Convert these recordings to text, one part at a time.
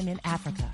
I'm in Africa.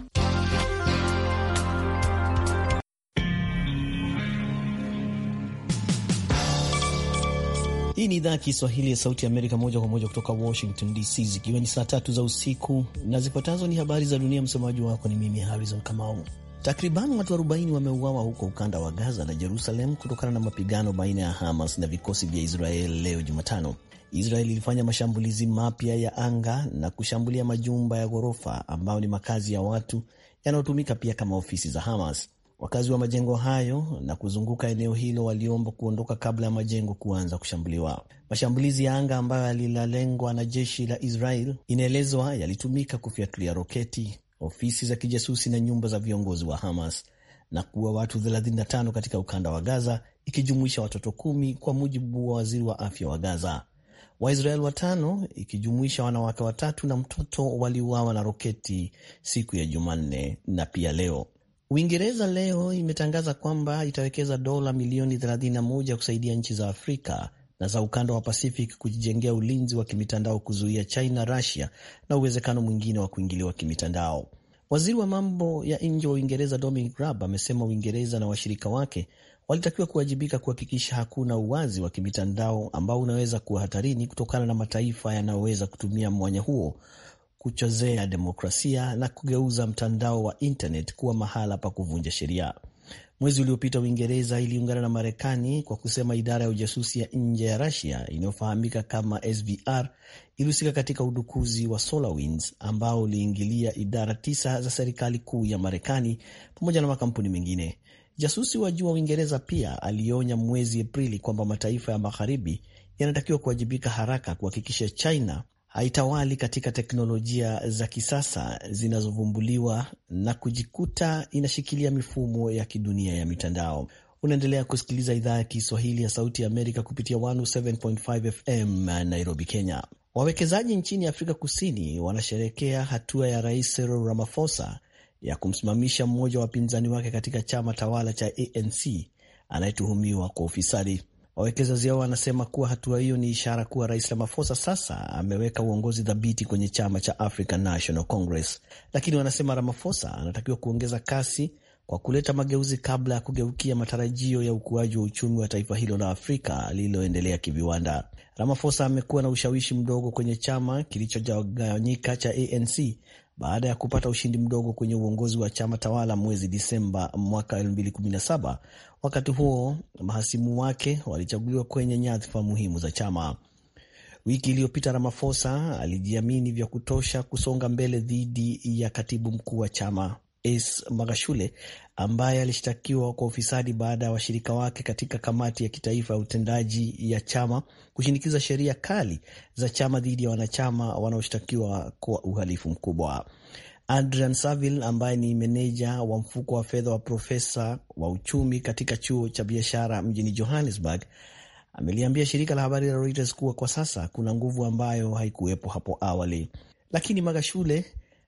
Hii ni idhaa ya Kiswahili ya Sauti ya Amerika moja kwa moja kutoka Washington DC, zikiwa ni saa tatu za usiku na zifuatazo ni habari za dunia. Msemaji wako ni mimi Harrison Kamau. Takriban watu 40 wameuawa huko ukanda wa Gaza na Jerusalem kutokana na mapigano baina ya Hamas na vikosi vya Israel leo Jumatano. Israel ilifanya mashambulizi mapya ya anga na kushambulia majumba ya ghorofa ambayo ni makazi ya watu yanayotumika pia kama ofisi za Hamas. Wakazi wa majengo hayo na kuzunguka eneo hilo waliomba kuondoka kabla ya majengo kuanza kushambuliwa. Mashambulizi ya anga ambayo yalilalengwa na jeshi la Israel inaelezwa yalitumika kufyatulia roketi ofisi za kijasusi na nyumba za viongozi wa Hamas na kuwa watu 35 katika ukanda wa Gaza, ikijumuisha watoto kumi, kwa mujibu wa waziri wa afya wa Gaza. Waisraeli watano ikijumuisha wanawake watatu na mtoto waliuawa na roketi siku ya Jumanne na pia leo. Uingereza leo imetangaza kwamba itawekeza dola milioni 31 kusaidia nchi za Afrika na za ukanda wa Pacific kujijengea ulinzi wa kimitandao kuzuia China, Russia na uwezekano mwingine wa kuingiliwa kimitandao. Waziri wa mambo ya nje wa Uingereza Dominic Raab amesema Uingereza na washirika wake walitakiwa kuwajibika kuhakikisha hakuna uwazi wa kimitandao ambao unaweza kuwa hatarini kutokana na mataifa yanayoweza kutumia mwanya huo kuchozea demokrasia na kugeuza mtandao wa internet kuwa mahala pa kuvunja sheria. Mwezi uliopita Uingereza iliungana na Marekani kwa kusema idara ya ujasusi ya nje ya Rusia inayofahamika kama SVR ilihusika katika udukuzi wa SolarWinds ambao uliingilia idara tisa za serikali kuu ya Marekani pamoja na makampuni mengine. Jasusi wa juu wa Uingereza pia alionya mwezi Aprili kwamba mataifa ya magharibi yanatakiwa kuwajibika haraka kuhakikisha China haitawali katika teknolojia za kisasa zinazovumbuliwa na kujikuta inashikilia mifumo ya kidunia ya mitandao. Unaendelea kusikiliza idhaa ya Kiswahili ya Sauti ya Amerika kupitia 107.5 FM Nairobi, Kenya. Wawekezaji nchini Afrika Kusini wanasherekea hatua ya Rais Cyril Ramaphosa ya kumsimamisha mmoja wa wapinzani wake katika chama tawala cha ANC anayetuhumiwa kwa ufisadi. Wawekezaji hao wanasema kuwa hatua hiyo ni ishara kuwa Rais Ramaphosa sasa ameweka uongozi thabiti kwenye chama cha African National Congress, lakini wanasema Ramaphosa anatakiwa kuongeza kasi kwa kuleta mageuzi kabla ya kugeukia matarajio ya ukuaji wa uchumi wa taifa hilo la Afrika lililoendelea kiviwanda. Ramaphosa amekuwa na ushawishi mdogo kwenye chama kilichogawanyika cha ANC baada ya kupata ushindi mdogo kwenye uongozi wa chama tawala mwezi Disemba mwaka 2017. Wakati huo mahasimu wake walichaguliwa kwenye nyadhifa muhimu za chama. Wiki iliyopita Ramaphosa alijiamini vya kutosha kusonga mbele dhidi ya katibu mkuu wa chama Ace Magashule ambaye alishtakiwa kwa ufisadi baada ya washirika wake katika kamati ya kitaifa ya utendaji ya chama kushinikiza sheria kali za chama dhidi ya wanachama wanaoshtakiwa kwa uhalifu mkubwa. Adrian Saville ambaye ni meneja wa mfuko wa fedha wa profesa wa uchumi katika chuo cha biashara mjini Johannesburg ameliambia shirika la habari la Reuters kuwa kwa sasa kuna nguvu ambayo haikuwepo hapo awali, lakini Magashule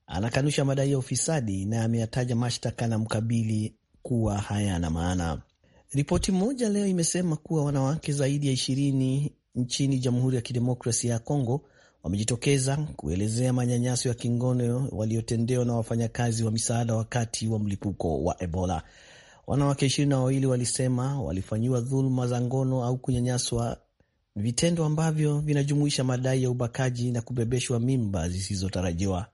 Anakanusha madai ya ufisadi na ameyataja mashtaka na mkabili kuwa hayana maana. Ripoti moja leo imesema kuwa wanawake zaidi ya ishirini nchini Jamhuri ya Kidemokrasia ya Kongo wamejitokeza kuelezea manyanyaso ya kingono waliotendewa na wafanyakazi wa misaada wakati wa mlipuko wa Ebola. Wanawake ishirini na wawili walisema walifanyiwa dhuluma za ngono au kunyanyaswa, vitendo ambavyo vinajumuisha madai ya ubakaji na kubebeshwa mimba zisizotarajiwa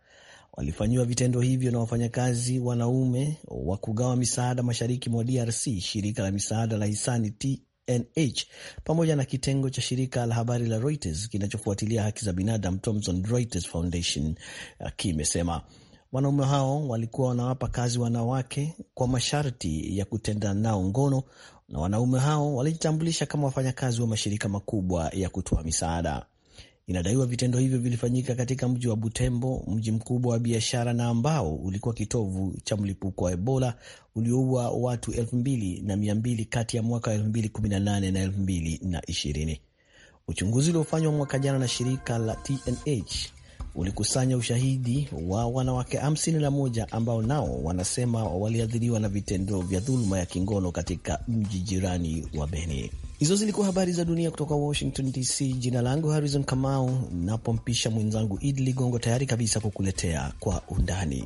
walifanyiwa vitendo hivyo na wafanyakazi wanaume wa kugawa misaada mashariki mwa DRC. Shirika la misaada la hisani TNH pamoja na kitengo cha shirika la habari la Reuters kinachofuatilia haki za binadamu Thomson Reuters Foundation eh, kimesema wanaume hao walikuwa wanawapa kazi wanawake kwa masharti ya kutenda nao ngono, na wanaume hao walijitambulisha kama wafanyakazi wa mashirika makubwa ya kutoa misaada. Inadaiwa vitendo hivyo vilifanyika katika mji wa Butembo, mji mkubwa wa biashara na ambao ulikuwa kitovu cha mlipuko wa Ebola ulioua watu 2200 kati ya mwaka 2018 na 2020. Uchunguzi uliofanywa mwaka jana na shirika la TNH ulikusanya ushahidi wa wanawake 51 ambao nao wanasema waliathiriwa na vitendo vya dhuluma ya kingono katika mji jirani wa Beni. Hizo zilikuwa habari za dunia kutoka Washington DC. Jina langu Harrison Kamau, napompisha mwenzangu Idi Ligongo tayari kabisa kukuletea kwa undani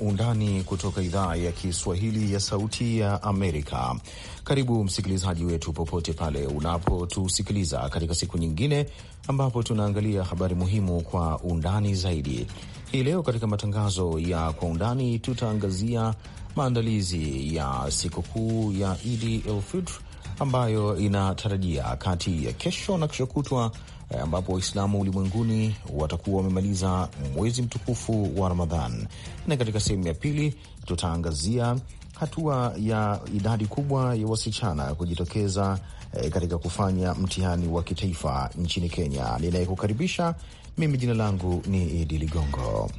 undani kutoka idhaa ya Kiswahili ya Sauti ya Amerika. Karibu msikilizaji wetu popote pale unapotusikiliza katika siku nyingine ambapo tunaangalia habari muhimu kwa undani zaidi. Hii leo katika matangazo ya kwa undani tutaangazia maandalizi ya sikukuu ya Idi el ambayo inatarajia kati ya kesho na kesho kutwa eh, ambapo Waislamu ulimwenguni watakuwa wamemaliza mwezi mtukufu wa Ramadhan. Na katika sehemu ya pili tutaangazia hatua ya idadi kubwa ya wasichana kujitokeza eh, katika kufanya mtihani wa kitaifa nchini Kenya. Ninayekukaribisha mimi, jina langu ni Idi Ligongo.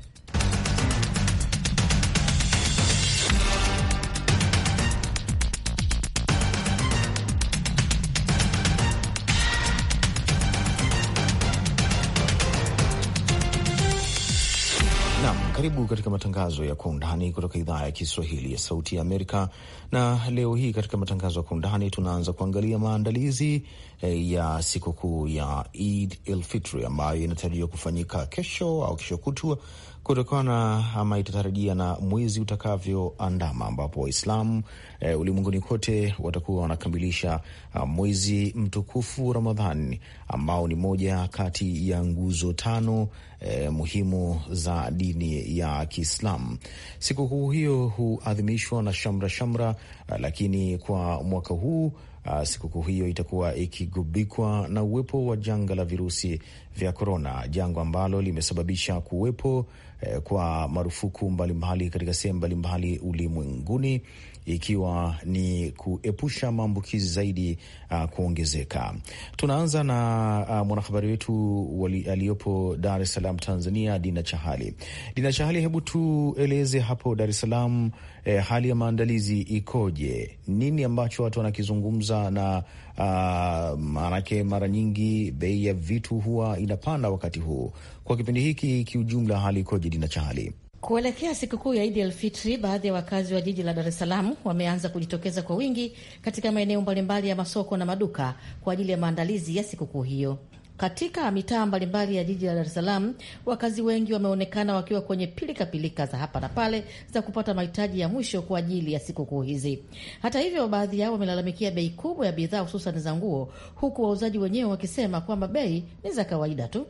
Karibu katika matangazo ya kwa undani kutoka idhaa ya Kiswahili ya Sauti ya Amerika. Na leo hii katika matangazo ya kwa undani tunaanza kuangalia maandalizi eh, ya sikukuu ya Eid el Fitri ambayo inatarajiwa kufanyika kesho au kesho kutwa kutokana ama itatarajia na mwezi utakavyoandama ambapo Waislamu e, ulimwenguni kote watakuwa wanakamilisha ah, mwezi mtukufu ramadhan ambao ni moja kati ya nguzo tano e, muhimu za dini ya Kiislamu. Sikukuu hiyo huadhimishwa na shamra shamra, ah, lakini kwa mwaka huu ah, sikukuu hiyo itakuwa ikigubikwa na uwepo wa janga la virusi vya korona, janga ambalo limesababisha kuwepo Eh, kwa marufuku mbalimbali katika sehemu mbalimbali ulimwenguni ikiwa ni kuepusha maambukizi zaidi uh, kuongezeka. Tunaanza na uh, mwanahabari wetu aliyopo Dar es Salaam, Tanzania, Dina Chahali. Dina Chahali, hebu tueleze hapo Dar es Salaam, eh, hali ya maandalizi ikoje? Nini ambacho watu wanakizungumza na uh, maanake mara nyingi bei ya vitu huwa inapanda wakati huu, kwa kipindi hiki kiujumla, hali ikoje, Dina Chahali? Kuelekea sikukuu ya Idi el Fitri, baadhi ya wakazi wa jiji la Dar es Salaam wameanza kujitokeza kwa wingi katika maeneo mbalimbali ya masoko na maduka kwa ajili ya maandalizi ya sikukuu hiyo. Katika mitaa mbalimbali ya jiji la Dar es Salaam, wakazi wengi wameonekana wakiwa kwenye pilikapilika -pilika za hapa na pale za kupata mahitaji ya mwisho kwa ajili ya sikukuu hizi. Hata hivyo, baadhi yao wamelalamikia bei kubwa ya bidhaa, hususan za nguo, huku wauzaji wenyewe wakisema kwamba bei ni za kawaida tu.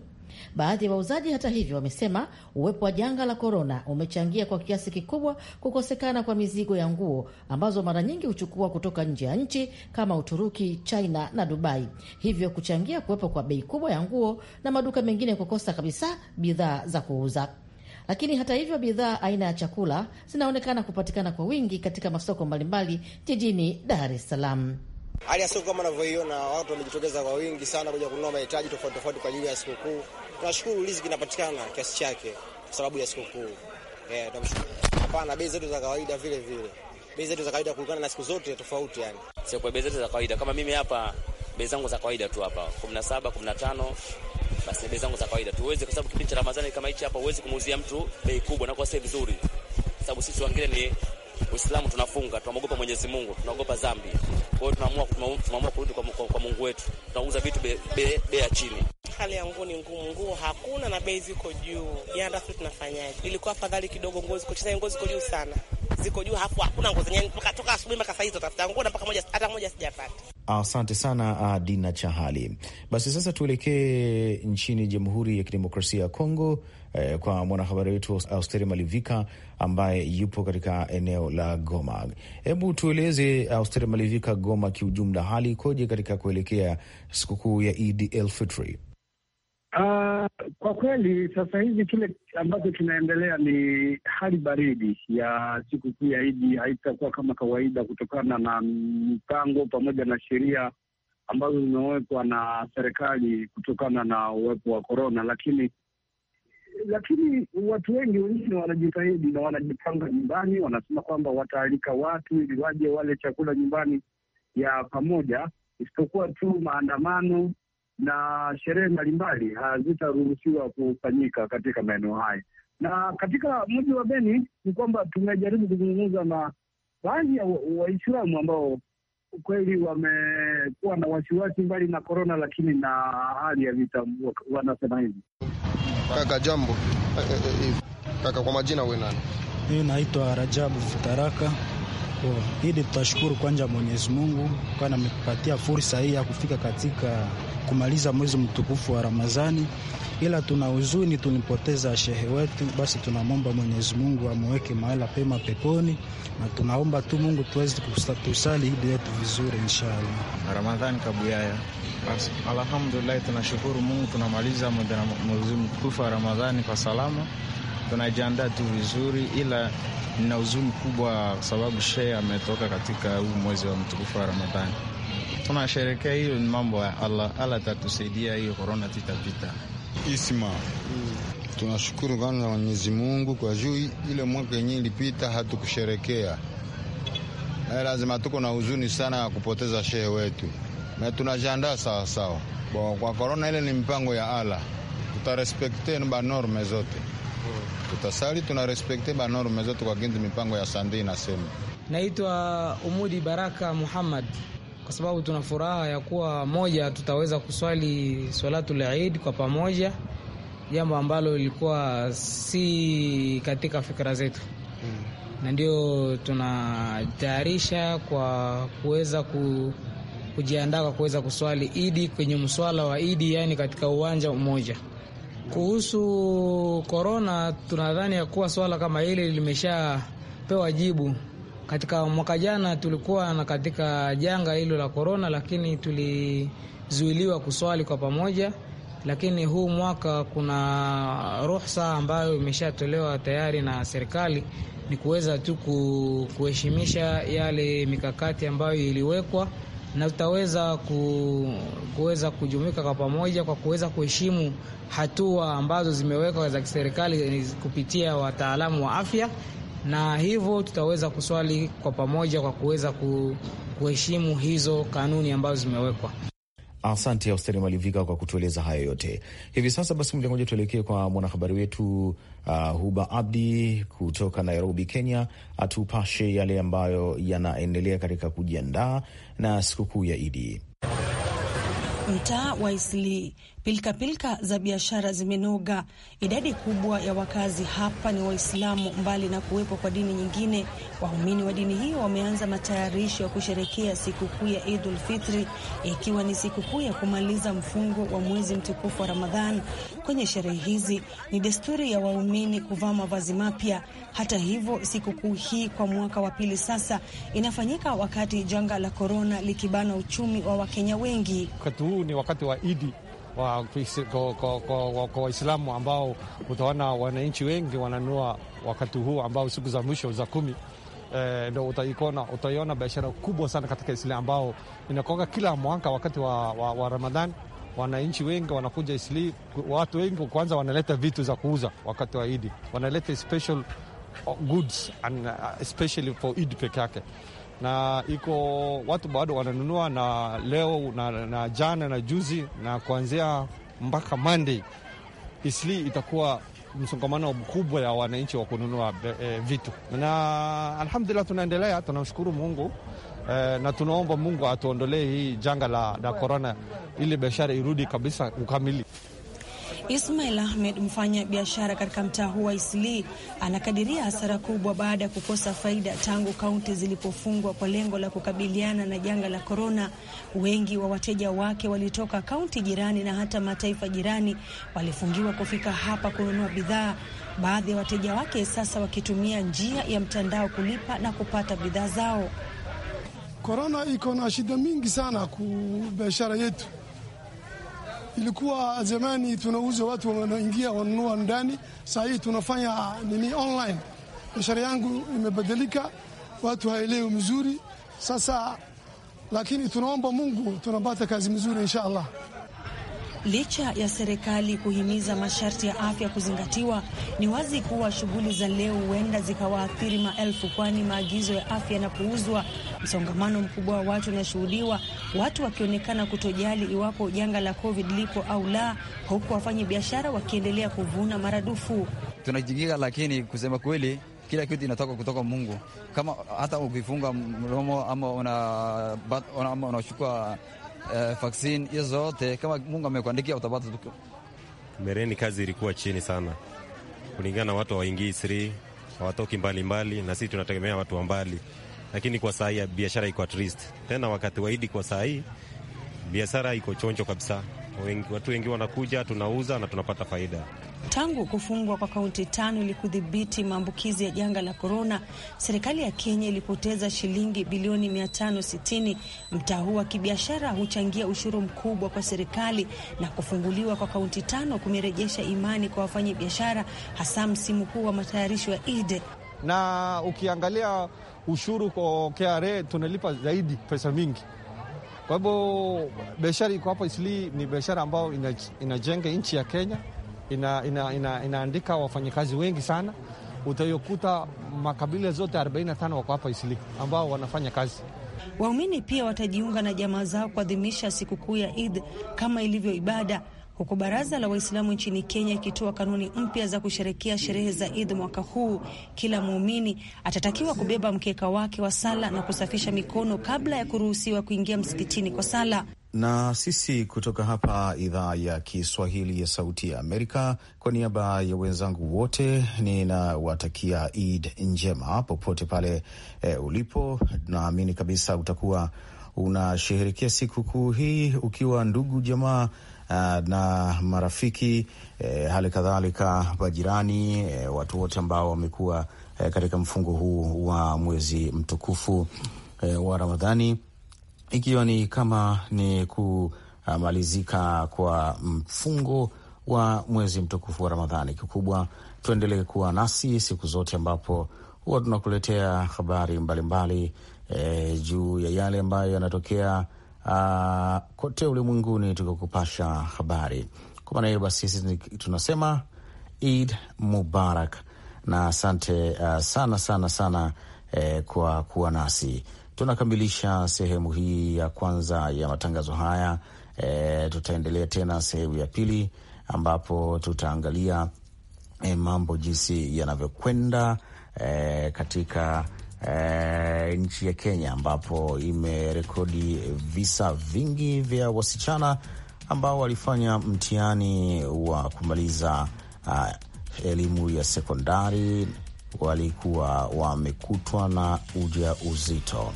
Baadhi ya wa wauzaji hata hivyo wamesema uwepo wa janga la korona umechangia kwa kiasi kikubwa kukosekana kwa mizigo ya nguo ambazo mara nyingi huchukua kutoka nje ya nchi kama Uturuki, China na Dubai, hivyo kuchangia kuwepo kwa bei kubwa ya nguo na maduka mengine kukosa kabisa bidhaa za kuuza. Lakini hata hivyo, bidhaa aina ya chakula zinaonekana kupatikana kwa wingi katika masoko mbalimbali jijini Dar es Salaam. Hali ya siku kama unavyoiona, watu wamejitokeza kwa wingi sana kuja kununua mahitaji tofauti tofauti kwa ajili ya sikukuu. Tunashukuru riziki inapatikana kiasi chake kwa sababu ya sikukuu. Eh, tunamshukuru. Hapana, bei zetu za kawaida vile vile. Bei zetu za kawaida kulingana na siku zote tofauti yani. Sio kwa bei zetu za kawaida kama mimi hapa bei zangu za kawaida tu hapa 17, 15 basi bei zangu za kawaida tu. Uweze kwa sababu kipindi cha Ramadhani kama hichi hapa uweze kumuuzia mtu bei kubwa na kwa sasa nzuri, Sababu sisi wengine ni Uislamu tunafunga, tunaogopa Mwenyezi Mungu, tunaogopa dhambi. Kwa hiyo tunaamua kurudi kwa, kwa, kwa Mungu wetu, tunauza vitu bei be, be ya chini. Hali ya nguo ni ngumu, nguo hakuna na bei ziko juu, yandafu tunafanyaje? Ilikuwa afadhali kidogo, nguo ziko chini, nguo ziko juu sana ziko juu hapo, hakuna nguo zenyewe mpaka toka asubuhi mpaka saa hizo tafuta nguo na mpaka moja hata moja sijapata. Asante sana uh, Dina Chahali. Basi sasa tuelekee nchini Jamhuri ya Kidemokrasia ya Kongo eh, kwa mwanahabari wetu Austeri Malivika ambaye yupo katika eneo la Goma. Hebu tueleze Austeri Malivika, Goma kiujumla hali ikoje katika kuelekea sikukuu ya Idi el Fitri? Uh, ah, kwa kweli sasa hivi kile ambacho kinaendelea ni hali baridi ya sikukuu ya Idi. Haitakuwa kama kawaida kutokana na mipango pamoja na sheria ambazo zimewekwa na serikali kutokana na uwepo wa korona, lakini lakini watu wengi wengine wanajitahidi na wanajipanga nyumbani, wanasema kwamba wataalika watu ili waje wale chakula nyumbani ya pamoja, isipokuwa tu maandamano na sherehe mbalimbali hazitaruhusiwa kufanyika katika maeneo haya. Na katika mji wa Beni ni kwamba tumejaribu kuzungumza na baadhi ya Waislamu ambao kweli wamekuwa na wasiwasi mbali na korona, lakini na hali ya vita wanasema hivi. Kaka jambo. Eh, eh, eh, Kaka, kwa majina wewe nani? Mimi naitwa Rajabu Futaraka. Oh, Hili tutashukuru kwanza Mwenyezi Mungu kwa ametupatia fursa hii ya kufika katika kumaliza mwezi mtukufu wa Ramadhani, ila tuna huzuni, tulipoteza shehe wetu. Basi tunamwomba Mwenyezi Mungu amweke mahala pema peponi, na tunaomba tu Mungu tuweze kusali idi yetu vizuri inshallah. Ramadhani kabuyaya basi, alhamdulillah, tunashukuru Mungu, tunamaliza mwezi mtukufu wa Ramadhani kwa salama, tunajiandaa tu vizuri, ila nina huzuni kubwa sababu shehe ametoka katika huu mwezi wa mtukufu wa Ramadhani tunasherekea hiyo, ni mambo ya Allah. Allah tatusaidia, hiyo korona titapita. Isma mm. tunashukuru kwanza Mwenyezi Mungu kwa juu ile mwaka yenyewe ilipita hatukusherekea. Lazima tuko na huzuni sana ya kupoteza shehe wetu, na tunajiandaa sawasawa kwa korona. Ile ni mpango ya Allah, tutarespekte banorme zote, tutasali tunarespekte banorme zote kwa kinzi mipango ya sandi inasema. Naitwa Umudi Baraka Muhammad kwa sababu tuna furaha ya kuwa moja, tutaweza kuswali swalatul Eid kwa pamoja, jambo ambalo lilikuwa si katika fikira zetu na ndio tunatayarisha kwa kuweza ku, kujiandaa kwa kuweza kuswali idi kwenye mswala wa idi, yani katika uwanja mmoja. Kuhusu korona, tunadhani ya kuwa swala kama hili limeshapewa jibu katika mwaka jana tulikuwa na katika janga hilo la korona, lakini tulizuiliwa kuswali kwa pamoja, lakini huu mwaka kuna ruhusa ambayo imeshatolewa tayari na serikali, ni kuweza tu kuheshimisha yale mikakati ambayo iliwekwa na tutaweza ku, kuweza kujumuika kwa pamoja kwa kuweza kuheshimu hatua ambazo zimewekwa za kiserikali kupitia wataalamu wa afya na hivyo tutaweza kuswali kwa pamoja kwa kuweza kuheshimu hizo kanuni ambazo zimewekwa. Asante Austeri Malivika kwa kutueleza hayo yote. Hivi sasa basi, moja moja tuelekee kwa mwanahabari wetu uh, Huba Abdi kutoka Nairobi, Kenya, atupashe yale ambayo yanaendelea katika kujiandaa na sikukuu ya Idi. Mtaa wa Isli Pilkapilka za biashara zimenoga. Idadi kubwa ya wakazi hapa ni Waislamu. Mbali na kuwepo kwa dini nyingine, waumini wa dini hiyo wameanza matayarisho ya kusherekea sikukuu ya Idul Fitri, ikiwa ni sikukuu ya kumaliza mfungo wa mwezi mtukufu wa Ramadhan. Kwenye sherehe hizi ni desturi ya waumini kuvaa mavazi mapya. Hata hivyo, sikukuu hii kwa mwaka wa pili sasa inafanyika wakati janga la korona likibana uchumi wa Wakenya wengi. Wakati huu ni wakati wa Idi kwa kwa Waislamu ambao utaona wananchi wengi wananua wakati huu ambao siku za mwisho za kumi eh, ndo utaikona utaiona biashara kubwa sana katika Islam ambao inakonga kila mwaka wakati wa, wa, wa Ramadhan. Wananchi wengi wanakuja Isli, watu wengi kwanza wanaleta vitu za kuuza wakati wa Idi, wanaleta special uh, goods and uh, especially for Idi peke yake na iko watu bado wananunua na leo na, na jana na juzi na kuanzia mpaka Monday isli itakuwa msongamano mkubwa ya wananchi wa kununua e, vitu na alhamdulillah, tunaendelea tunamshukuru Mungu e, na tunaomba Mungu atuondolee hii janga la, la korona ili biashara irudi kabisa ukamili. Ismail Ahmed, mfanya biashara katika mtaa huu wa Isli, anakadiria hasara kubwa baada ya kukosa faida tangu kaunti zilipofungwa kwa lengo la kukabiliana na janga la korona. Wengi wa wateja wake walitoka kaunti jirani na hata mataifa jirani, walifungiwa kufika hapa kununua bidhaa. Baadhi ya wateja wake sasa wakitumia njia ya mtandao kulipa na kupata bidhaa zao. Korona iko na shida mingi sana ku biashara yetu Ilikuwa zamani tunauza watu wanaingia wanunua ndani, saa hii tunafanya nini online. Biashara yangu imebadilika, watu haelewi mzuri sasa, lakini tunaomba Mungu tunapata kazi mzuri insha Allah. Licha ya serikali kuhimiza masharti ya afya kuzingatiwa, ni wazi kuwa shughuli za leo huenda zikawaathiri maelfu, kwani maagizo ya afya yanapuuzwa, msongamano mkubwa wa watu unashuhudiwa, watu wakionekana kutojali iwapo janga la COVID lipo au la, huku wafanya biashara wakiendelea kuvuna maradufu. tunajingika lakini kusema kweli kila kitu inatoka kutoka Mungu. Kama hata ukifunga mdomo ama unachukua una, una eh, vaksini hizo zote, kama Mungu amekuandikia utapata. Mereni kazi ilikuwa chini sana, kulingana na watu waingii siri, hawatoki mbali mbali, na sisi tunategemea watu wa mbali, lakini kwa saa hii biashara iko at least tena wakati waidi. Kwa saa hii biashara iko chonjo kabisa, watu wengi wanakuja, tunauza na tunapata faida. Tangu kufungwa kwa kaunti tano ili kudhibiti maambukizi ya janga la korona, serikali ya Kenya ilipoteza shilingi bilioni 560. Mtaa huu wa kibiashara huchangia ushuru mkubwa kwa serikali, na kufunguliwa kwa kaunti tano kumerejesha imani kwa wafanya biashara, hasa msimu huu wa matayarisho ya Ide. Na ukiangalia ushuru kwa KRA tunalipa zaidi pesa mingi kwa hivyo biashara iko hapa Isli ni biashara ambayo inajenga nchi ya Kenya ina, ina, ina, inaandika wafanyakazi wengi sana. Utayokuta makabila zote 45 wako hapa Isiliki ambao wanafanya kazi. Waumini pia watajiunga na jamaa zao kuadhimisha sikukuu ya Id kama ilivyo ibada huku baraza la Waislamu nchini Kenya ikitoa kanuni mpya za kusherekea sherehe za Id mwaka huu, kila muumini atatakiwa kubeba mkeka wake wa sala na kusafisha mikono kabla ya kuruhusiwa kuingia msikitini kwa sala na sisi kutoka hapa idhaa ya Kiswahili ya Sauti ya Amerika, kwa niaba ya wenzangu wote ninawatakia Eid njema popote pale e, ulipo. Naamini kabisa utakuwa unasheherekea sikukuu hii ukiwa ndugu jamaa eh, na marafiki e, hali kadhalika majirani e, watu wote ambao wamekuwa e, katika mfungo huu wa mwezi mtukufu e, wa Ramadhani ikiwa ni kama ni kumalizika kwa mfungo wa mwezi mtukufu wa Ramadhani. Kikubwa tuendelee kuwa nasi siku zote, ambapo huwa tunakuletea habari mbalimbali e, juu ya yale ambayo yanatokea kote ulimwenguni, tukikupasha habari. Kwa maana hiyo basi, sisi tunasema Eid Mubarak na asante uh, sana sana sana eh, kwa kuwa nasi tunakamilisha sehemu hii ya kwanza ya matangazo haya. E, tutaendelea tena sehemu ya pili ambapo tutaangalia e, mambo jinsi yanavyokwenda e, katika e, nchi ya Kenya ambapo imerekodi visa vingi vya wasichana ambao walifanya mtihani wa kumaliza a, elimu ya sekondari walikuwa wamekutwa na uja uzito.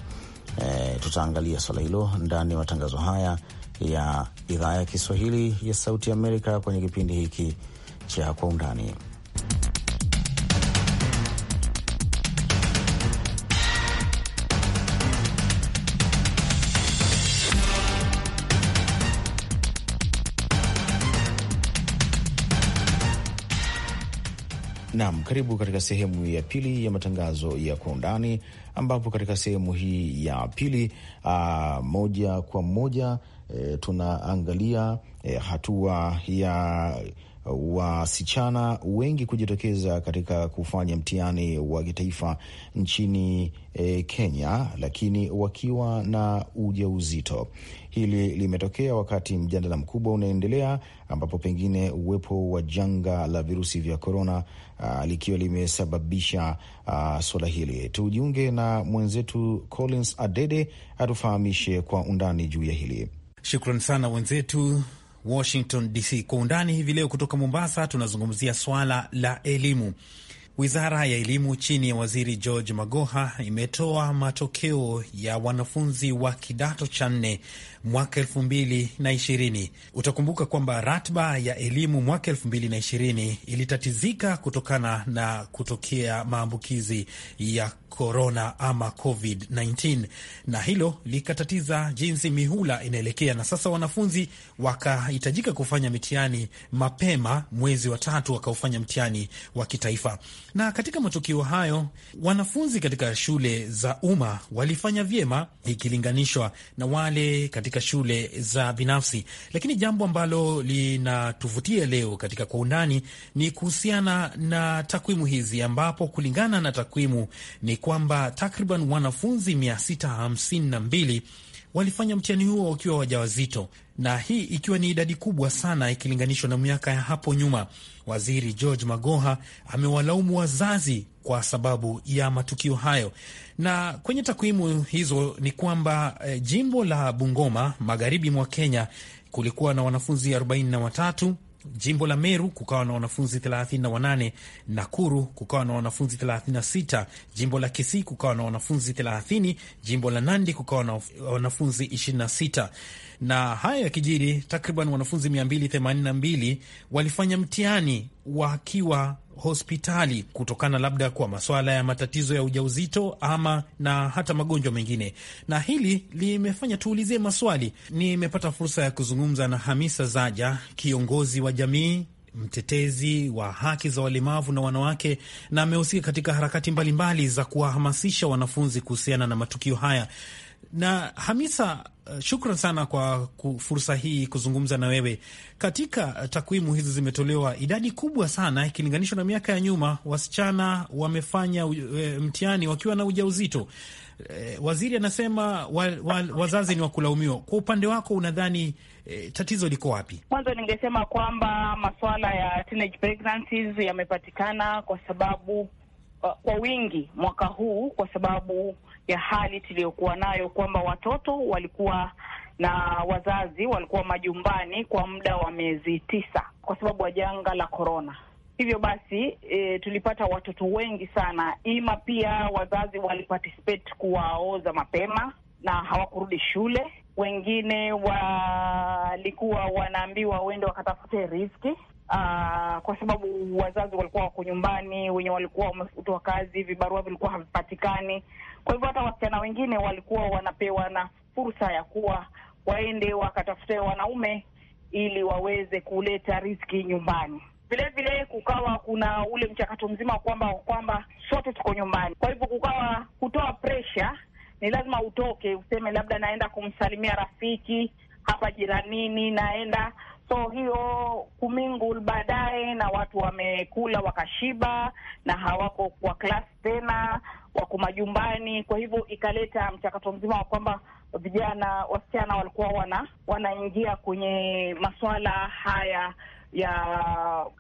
E, tutaangalia swala hilo ndani ya matangazo haya ya idhaa ya Kiswahili ya Sauti Amerika kwenye kipindi hiki cha Kwa Undani. Naam, karibu katika sehemu ya pili ya matangazo ya kwa undani, ambapo katika sehemu hii ya pili aa, ah, moja kwa moja e, tunaangalia e, hatua ya wasichana wengi kujitokeza katika kufanya mtihani wa kitaifa nchini e, Kenya, lakini wakiwa na ujauzito. Hili limetokea wakati mjadala mkubwa unaendelea, ambapo pengine uwepo wa janga la virusi vya korona ah, likiwa limesababisha ah, suala hili. Tujiunge na mwenzetu Collins Adede atufahamishe kwa undani juu ya hili. Shukran sana wenzetu Washington DC. Kwa undani hivi leo kutoka Mombasa, tunazungumzia swala la elimu. Wizara ya elimu chini ya waziri George Magoha imetoa matokeo ya wanafunzi wa kidato cha nne mwaka elfu mbili na ishirini. Utakumbuka kwamba ratba ya elimu mwaka elfu mbili na ishirini ilitatizika kutokana na kutokea maambukizi ya korona ama COVID-19, na hilo likatatiza jinsi mihula inaelekea, na sasa wanafunzi wakahitajika kufanya mitihani mapema mwezi wa tatu, wakaufanya mtihani wa kitaifa. Na katika matukio hayo, wanafunzi katika shule za umma walifanya vyema ikilinganishwa na wale katika katika shule za binafsi. Lakini jambo ambalo linatuvutia leo katika kwa undani ni kuhusiana na takwimu hizi, ambapo kulingana na takwimu ni kwamba takriban wanafunzi 652 walifanya mtihani huo wakiwa wajawazito, na hii ikiwa ni idadi kubwa sana ikilinganishwa na miaka ya hapo nyuma. Waziri George Magoha amewalaumu wazazi kwa sababu ya matukio hayo, na kwenye takwimu hizo ni kwamba eh, jimbo la Bungoma magharibi mwa Kenya kulikuwa na wanafunzi 43 Jimbo la Meru kukawa na wanafunzi 38, Nakuru kukawa na wanafunzi 36, jimbo la Kisii kukawa na wanafunzi 30, jimbo la Nandi kukawa na wanafunzi 26. Na haya ya kijiri, takriban wanafunzi 282 walifanya mtihani wakiwa hospitali kutokana labda kwa maswala ya matatizo ya ujauzito ama na hata magonjwa mengine. Na hili limefanya tuulizie maswali. Nimepata fursa ya kuzungumza na Hamisa Zaja, kiongozi wa jamii mtetezi wa haki za walemavu na wanawake, na amehusika katika harakati mbalimbali mbali za kuwahamasisha wanafunzi kuhusiana na matukio haya. Na Hamisa, Eh, shukran sana kwa fursa hii kuzungumza na wewe. Katika eh, takwimu hizi zimetolewa idadi kubwa sana ikilinganishwa na miaka ya nyuma, wasichana wamefanya eh, mtihani wakiwa na ujauzito. Waziri anasema wa, wa, wazazi ni wakulaumiwa. Kwa upande wako unadhani E, tatizo liko wapi? Mwanzo ningesema kwamba masuala ya teenage pregnancies yamepatikana kwa sababu kwa wingi mwaka huu kwa sababu ya hali tuliyokuwa nayo kwamba watoto walikuwa na wazazi walikuwa majumbani kwa muda wa miezi tisa kwa sababu ya janga la korona. Hivyo basi e, tulipata watoto wengi sana, ima pia wazazi waliparticipate kuwaoza mapema na hawakurudi shule. Wengine walikuwa wanaambiwa wende wakatafute riski kwa sababu wazazi walikuwa wako nyumbani, wenye walikuwa wamefutwa kazi, vibarua vilikuwa havipatikani. Kwa hivyo hata wasichana wengine walikuwa wanapewa na fursa ya kuwa waende wakatafute wanaume ili waweze kuleta riski nyumbani. Vile vile kukawa kuna ule mchakato mzima kwamba kwamba sote tuko nyumbani, kwa hivyo kukawa kutoa pressure, ni lazima utoke useme, labda naenda kumsalimia rafiki hapa jiranini, naenda so hiyo kumingu baadaye, na watu wamekula wakashiba na hawako kwa klasi tena, wako majumbani. Kwa hivyo ikaleta mchakato mzima wa kwamba vijana wasichana walikuwa wana wanaingia kwenye masuala haya ya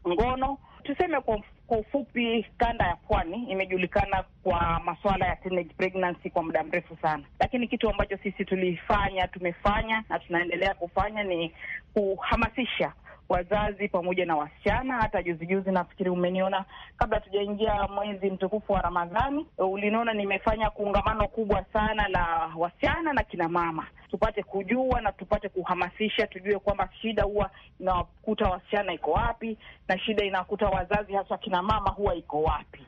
ngono. Tuseme kwa ufupi, kanda ya pwani imejulikana kwa masuala ya teenage pregnancy kwa muda mrefu sana, lakini kitu ambacho sisi tulifanya, tumefanya na tunaendelea kufanya ni kuhamasisha wazazi pamoja na wasichana. Hata juzi juzi, nafikiri umeniona kabla tujaingia mwezi mtukufu wa Ramadhani, uliniona nimefanya kuungamano kubwa sana la wasichana na kina mama, tupate kujua na tupate kuhamasisha, tujue kwamba shida huwa inawakuta wasichana iko wapi na shida inawakuta wazazi hasa kina mama huwa iko wapi.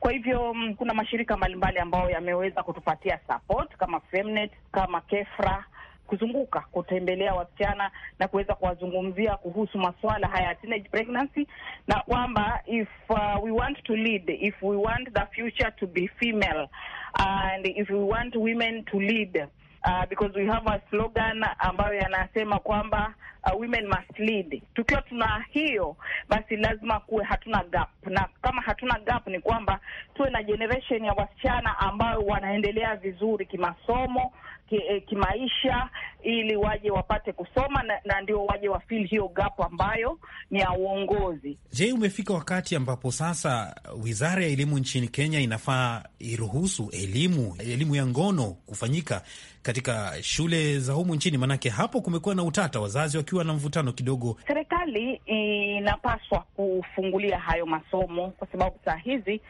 Kwa hivyo mm, kuna mashirika mbalimbali ambayo yameweza kutupatia support kama Femnet, kama Kefra kuzunguka kutembelea wasichana na kuweza kuwazungumzia kuhusu masuala haya ya teenage pregnancy, na kwamba if uh, we want to lead, if we want the future to be female and if we want women to lead uh, because we have a slogan ambayo yanasema kwamba uh, women must lead. Tukiwa tuna hiyo basi lazima kuwe hatuna gap, na kama hatuna gap ni kwamba tuwe na generation ya wasichana ambayo wanaendelea vizuri kimasomo eh, kimaisha ili waje wapate kusoma na, na ndio waje wafil hiyo gap ambayo ni ya uongozi. Je, umefika wakati ambapo sasa wizara ya elimu nchini Kenya inafaa iruhusu elimu elimu ya ngono kufanyika katika shule za humu nchini? Maanake hapo kumekuwa na utata, wazazi waki kukiwa na mvutano kidogo, serikali inapaswa kufungulia hayo masomo, kwa sababu saa hizi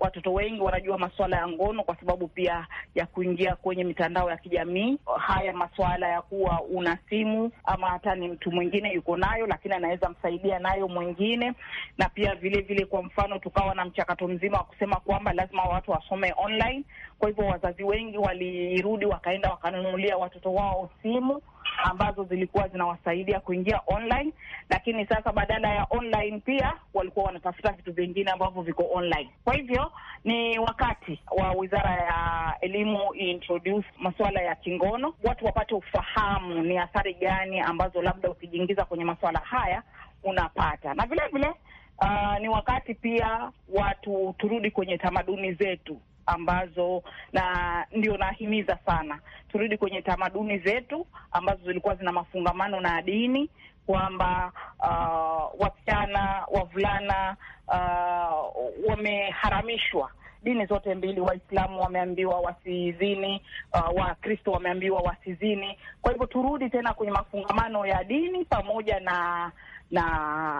watoto wengi wanajua masuala ya ngono kwa sababu pia ya kuingia kwenye mitandao ya kijamii. Haya masuala ya kuwa una simu ama hata ni mtu mwingine yuko nayo, lakini anaweza msaidia nayo mwingine. Na pia vilevile vile, kwa mfano, tukawa na mchakato mzima wa kusema kwamba lazima watu wasome online. Kwa hivyo wazazi wengi walirudi wakaenda wakanunulia watoto wao simu ambazo zilikuwa zinawasaidia kuingia online, lakini sasa badala ya online pia walikuwa wanatafuta vitu vingine ambavyo viko online. Kwa hivyo ni wakati wa wizara ya elimu introduce masuala ya kingono, watu wapate ufahamu ni athari gani ambazo labda ukijiingiza kwenye masuala haya unapata, na vilevile vile, uh, ni wakati pia watu turudi kwenye tamaduni zetu ambazo na ndio nahimiza sana turudi kwenye tamaduni zetu ambazo zilikuwa zina mafungamano na dini kwamba uh, wasichana wavulana uh, wameharamishwa dini zote mbili. Waislamu wameambiwa wasizini, uh, Wakristo wameambiwa wasizini. Kwa hivyo turudi tena kwenye mafungamano ya dini pamoja na na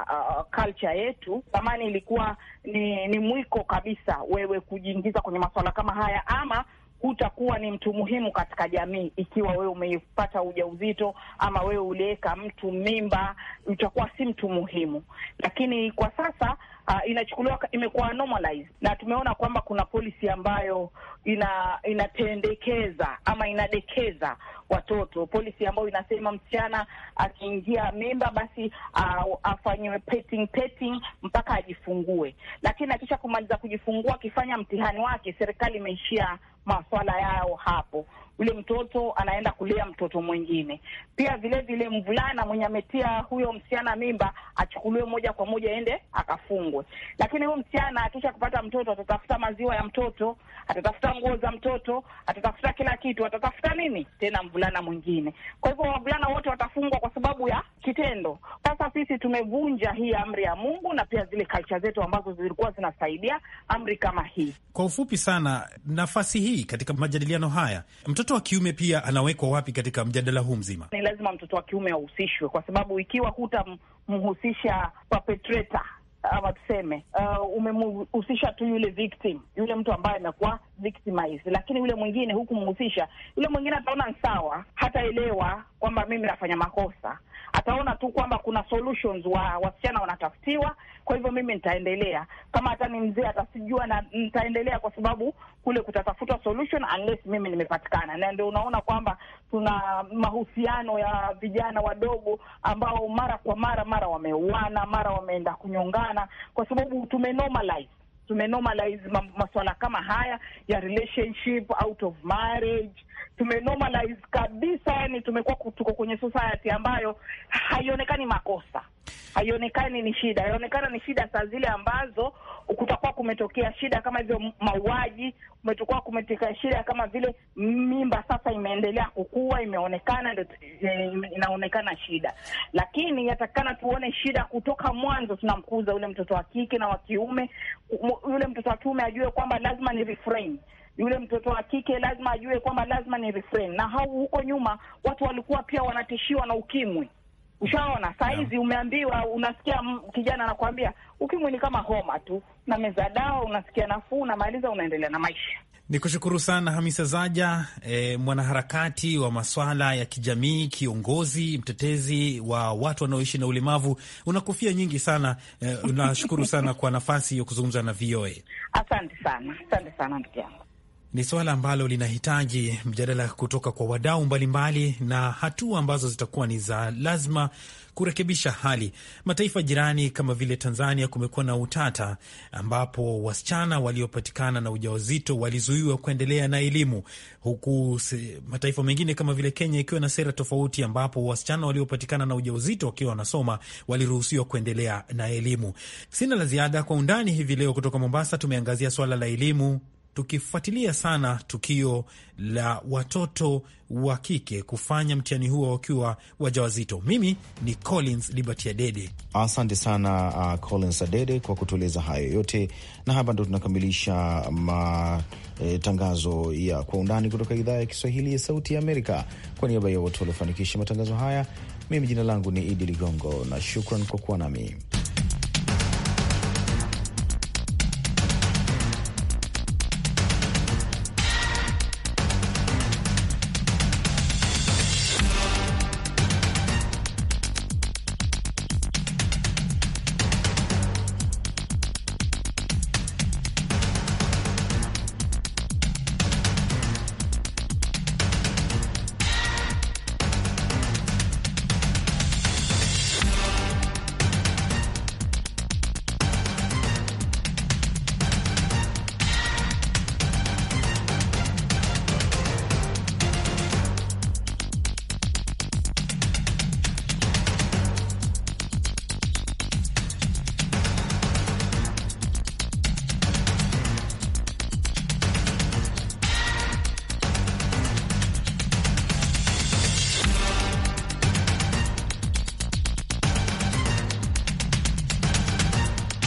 uh, culture yetu. Zamani ilikuwa ni, ni mwiko kabisa wewe kujiingiza kwenye masuala kama haya ama hutakuwa ni mtu muhimu katika jamii ikiwa wewe umeipata ujauzito ama wewe uliweka mtu mimba, utakuwa si mtu muhimu. Lakini kwa sasa uh, inachukuliwa imekuwa normalized, na tumeona kwamba kuna policy ambayo ina inatendekeza ama inadekeza watoto, policy ambayo inasema msichana akiingia mimba basi uh, afanyiwe petting petting mpaka ajifungue, lakini akisha kumaliza kujifungua, akifanya mtihani wake, serikali imeishia maswala yao hapo yule mtoto anaenda kulea mtoto mwingine. Pia vile vile mvulana mwenye ametia huyo msichana mimba achukuliwe moja kwa moja ende akafungwe. Lakini huyo msichana akisha kupata mtoto atatafuta maziwa ya mtoto, atatafuta nguo za mtoto, atatafuta kila kitu, atatafuta nini tena mvulana mwingine. Kwa hivyo wavulana wote watafungwa kwa sababu ya kitendo. Sasa sisi tumevunja hii amri ya Mungu na pia zile kalcha zetu ambazo zilikuwa zinasaidia amri kama hii. Kwa ufupi sana, nafasi hii katika majadiliano haya mtoto mtoto wa kiume pia anawekwa wapi katika mjadala huu mzima? Ni lazima mtoto wa kiume ahusishwe, kwa sababu ikiwa hutamhusisha perpetrator ama tuseme uh, umemhusisha tu yule victim, yule mtu ambaye amekuwa victimized, lakini yule mwingine hukumhusisha, yule mwingine ataona ni sawa, hataelewa kwamba mimi nafanya makosa, ataona tu kwamba kuna solutions wa wasichana wanatafutiwa, kwa hivyo mimi nitaendelea. Kama hata ni mzee atasijua na nitaendelea, kwa sababu kule kutatafuta solution unless mimi nimepatikana. Na ndio unaona kwamba tuna mahusiano ya vijana wadogo ambao mara kwa mara mara wameuana, mara wameenda kunyongana, kwa sababu tumenormalize tumenormalize masuala kama haya ya relationship out of marriage tumenormalize kabisa, yani tumekuwa tuko kwenye society ambayo haionekani makosa haionekani ni shida. Yaonekana ni shida saa zile ambazo kutakuwa kumetokea shida kama hivyo mauaji, kumetokuwa kumetokea shida kama vile mimba sasa imeendelea kukua, imeonekana ndo e, inaonekana shida, lakini yatakikana tuone shida kutoka mwanzo. Tunamkuza yule mtoto wa kike na wa kiume, yule mtoto wa kiume ajue kwamba lazima ni refrain yule mtoto wa kike lazima ajue kwamba lazima ni refrain. Na hau huko nyuma watu walikuwa pia wanatishiwa na ukimwi, Ushaona sahizi yeah. Umeambiwa, unasikia kijana anakuambia ukimwi ni kama homa tu, na meza dawa, unasikia nafuu, unamaliza, unaendelea na maisha. Ni kushukuru sana Hamisa Zaja eh, mwanaharakati wa maswala ya kijamii, kiongozi mtetezi wa watu wanaoishi na ulemavu. Una kofia nyingi sana eh, unashukuru sana kwa nafasi ya kuzungumza na VOA. Asante sana, asante sana ndugu yangu ni suala ambalo linahitaji mjadala kutoka kwa wadau mbalimbali na hatua ambazo zitakuwa ni za lazima kurekebisha hali. Mataifa jirani kama vile Tanzania kumekuwa na utata ambapo wasichana waliopatikana na ujauzito walizuiwa kuendelea na elimu, huku mataifa mengine kama vile Kenya ikiwa na sera tofauti, ambapo wasichana waliopatikana na ujauzito wakiwa wanasoma waliruhusiwa kuendelea na elimu. Sina la ziada. Kwa undani hivi leo kutoka Mombasa tumeangazia swala la elimu tukifuatilia sana tukio la watoto wa kike kufanya mtihani huo wakiwa wajawazito. Mimi ni Collins Liberty Adede. Asante sana uh, Collins Adede kwa kutueleza hayo yote, na hapa ndo tunakamilisha matangazo eh, ya kwa undani kutoka idhaa ya Kiswahili ya Sauti ya Amerika. Kwa niaba ya wote waliofanikisha matangazo haya, mimi jina langu ni Idi Ligongo na shukran kwa kuwa nami.